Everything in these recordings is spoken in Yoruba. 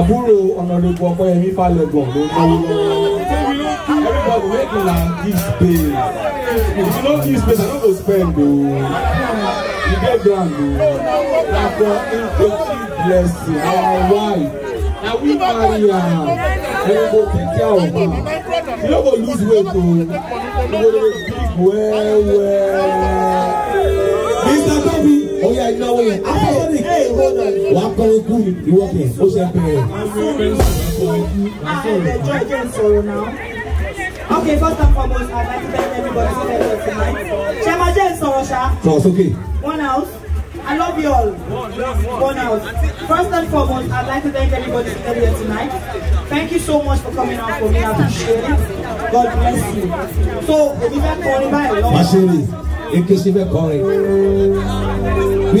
àbúrò ọ̀nàdògbò ọ̀pẹ́yẹmí falẹ̀gàn ló ń lọ́wọ́ everybody wey dey na give space if you no give space i no go spend o oh. you get ground o na for inclusive blessing our wife na we marry am and we go take care of am you no go lose weight o oh. you go dey big well well. wà á kọ́ ikú ìwọ́kẹ̀ ó ṣe bẹ̀rẹ̀. Okay, first and foremost, I'd like to thank everybody for their love tonight. Shema Jen Sorosha. Cross, okay. One house. I love you all. One house. First and foremost, I'd like to thank everybody for here tonight. Thank you so much for coming out for me. I appreciate it. God bless you. So, if you can call me by, Lord. Asheri, in case you can call it. We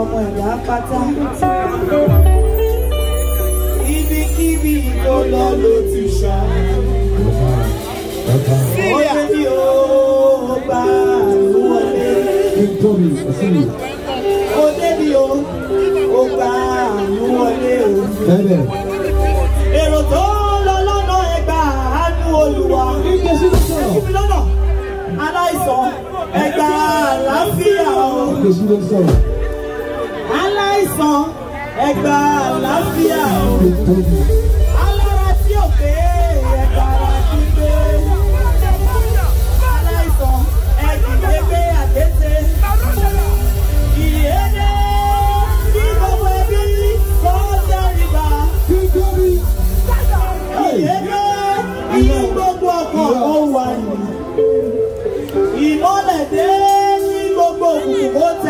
ọmọ ẹ̀dá pátá. Ibikíbi tó lọ ló ti ṣá. Ó yẹ ó bá wọlé. Ó débi o, ó gbà wọlé o. Èrò tó lọ lọ́nà ẹgbà àánú Olúwa. Ibi lọ́nà aláìsàn ẹgbà àlàáfíà o lásán ẹgbà àlàáfíà o. alára tí ò pé ẹgbà ara ti pé. aláìsàn ẹgbìgbé pé àtẹ́tẹ́. ìyédè kí gbogbo ẹbí kọ́ tẹríba. ìyédè kí gbogbo ọkọ̀ ìmọ̀lẹ̀ dé ní gbogbo òkùnkùn kó tẹ̀.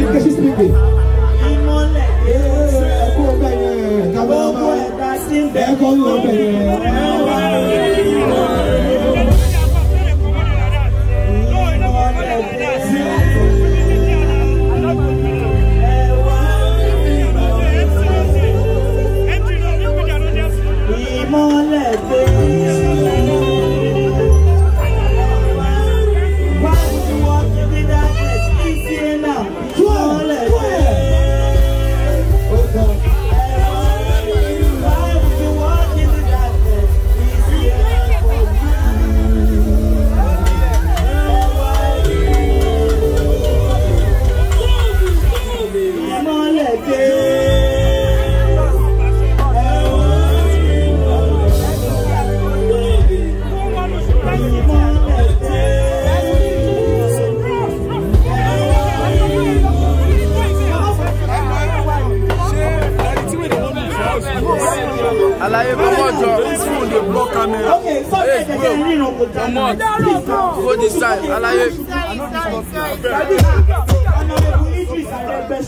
ìkẹ́sí síbi. ìmọ̀lẹ̀ yẹn. ẹ̀kọ́ ọ̀bẹ yẹn. ẹ̀kọ́ ọ̀bẹ Alaye mama drop. This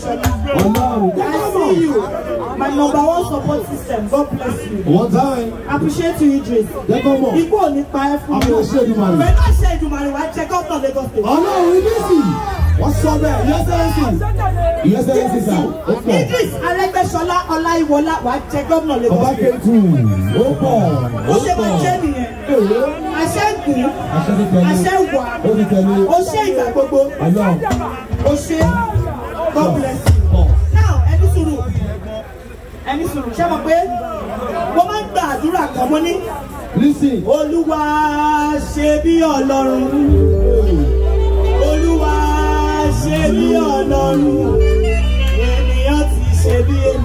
Come on. Alaye. My number one support system. God bless you. One time. Appreciate you, Idris. Then come on. Ikú ò ní pa ẹ́ fún mi. Appreciate you, Mari. Pẹ̀lú àṣẹ Ìdùmarè wá jẹ́ gọ́ọ̀tàn Lagos State. Ọlọ́run ní bísí wọ́n sọ bẹ́ẹ̀ yes, yẹ́sẹ̀ẹ́sì sà ó pọ̀. Idris Arẹ́gbẹ́ṣọlá Ọláyíwọlá wà á jẹ gómìnà Lagos. ọba kẹtù ó pọ̀ ó pọ̀ ó ṣe máa jẹ́ nìyẹn. àṣẹ gùn àṣẹ wà ó ṣe ìgbà gbogbo ó ṣe God bless you. now ẹni sùúrù ẹni sùúrù ṣé mo pé mo máa ń gba àdúrà kan mo ní. Olúwa ṣe bí Ọlọ́run Olúwa ṣe bí ọlọ́run ènìyàn ti ṣe bí ènìyàn.